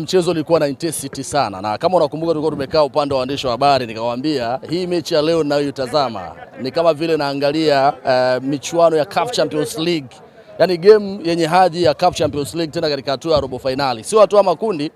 Mchezo ulikuwa na intensity sana, na kama unakumbuka, tulikuwa tumekaa upande wa waandishi wa habari, nikawaambia hii mechi ya leo ninayoitazama ni kama vile naangalia uh, michuano ya CAF Champions League, yani game yenye hadhi ya CAF Champions League, tena katika hatua ya robo finali, sio hatua makundi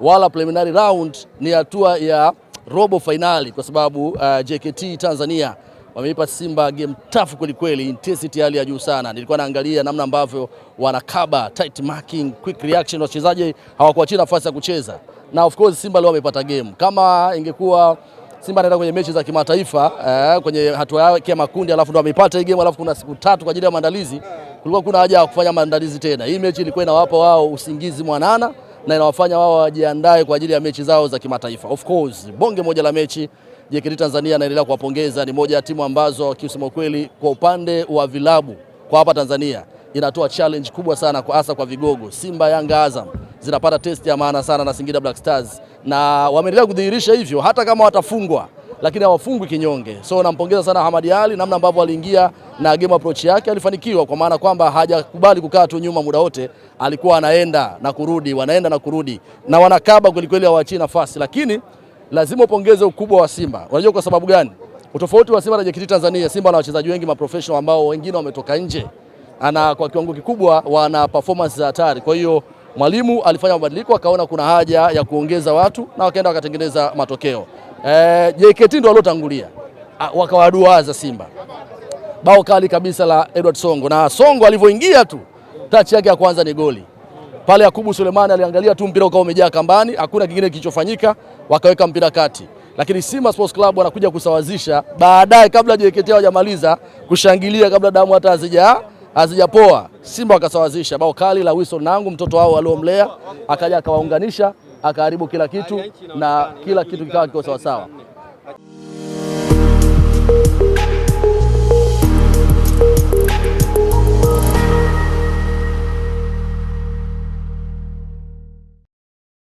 wala preliminary round, ni hatua ya robo finali, kwa sababu uh, eh, JKT Tanzania wameipa Simba game tafu kweli kweli, intensity hali ya juu sana. Nilikuwa naangalia namna ambavyo wanakaba tight marking, quick reaction, wachezaji hawakuachia nafasi ya kucheza, na of course Simba leo wamepata game. Kama ingekuwa Simba anaenda kwenye mechi za kimataifa eh, kwenye hatua yake ya makundi, alafu ndo amepata hii game, alafu kuna siku tatu kwa ajili ya maandalizi, kulikuwa kuna haja ya kufanya maandalizi tena. Hii mechi ilikuwa inawapa wao usingizi mwanana na inawafanya wao wajiandae kwa ajili ya mechi zao za kimataifa. Of course, bonge moja la mechi JKT Tanzania anaendelea kuwapongeza, ni moja ya timu ambazo kiusema kweli kwa upande wa vilabu kwa hapa Tanzania inatoa challenge kubwa sana kwa hasa kwa vigogo Simba, Yanga, Azam zinapata test ya maana sana na Singida Black Stars, na wameendelea kudhihirisha hivyo hata kama watafungwa, lakini hawafungwi kinyonge. So nampongeza sana Hamadi Ali namna ambavyo aliingia na game approach yake alifanikiwa, kwa maana kwamba hajakubali kukaa tu nyuma muda wote, alikuwa anaenda na kurudi, wanaenda na kurudi, na wanakaba kwelikweli, hawaachii nafasi. Lakini lazima upongeze ukubwa wa Simba. Unajua kwa sababu gani? Utofauti wa Simba na JKT Tanzania, Simba na wachezaji wengi maprofessional ambao wengine wametoka nje ana kwa kiwango kikubwa wana performance za hatari. Kwa hiyo mwalimu alifanya mabadiliko, akaona kuna haja ya kuongeza watu na wakaenda wakatengeneza matokeo. E, eh, JKT ndio waliotangulia wakawaduaza Simba bao kali kabisa la Edward Songo, na Songo alivyoingia tu tachi yake ya kwanza ni goli pale. Yakubu Sulemani aliangalia tu mpira ukawa umejaa kambani, hakuna kingine kilichofanyika, wakaweka mpira kati, lakini Simba Sports Club wanakuja kusawazisha baadaye, kabla JKT hawajamaliza kushangilia, kabla damu hata hazija hazijapoa, Simba wakasawazisha bao kali la Wilson Nangu, mtoto wao aliomlea, akaja akawaunganisha, akaharibu kila kitu na kila kitu kikawa kiko sawasawa.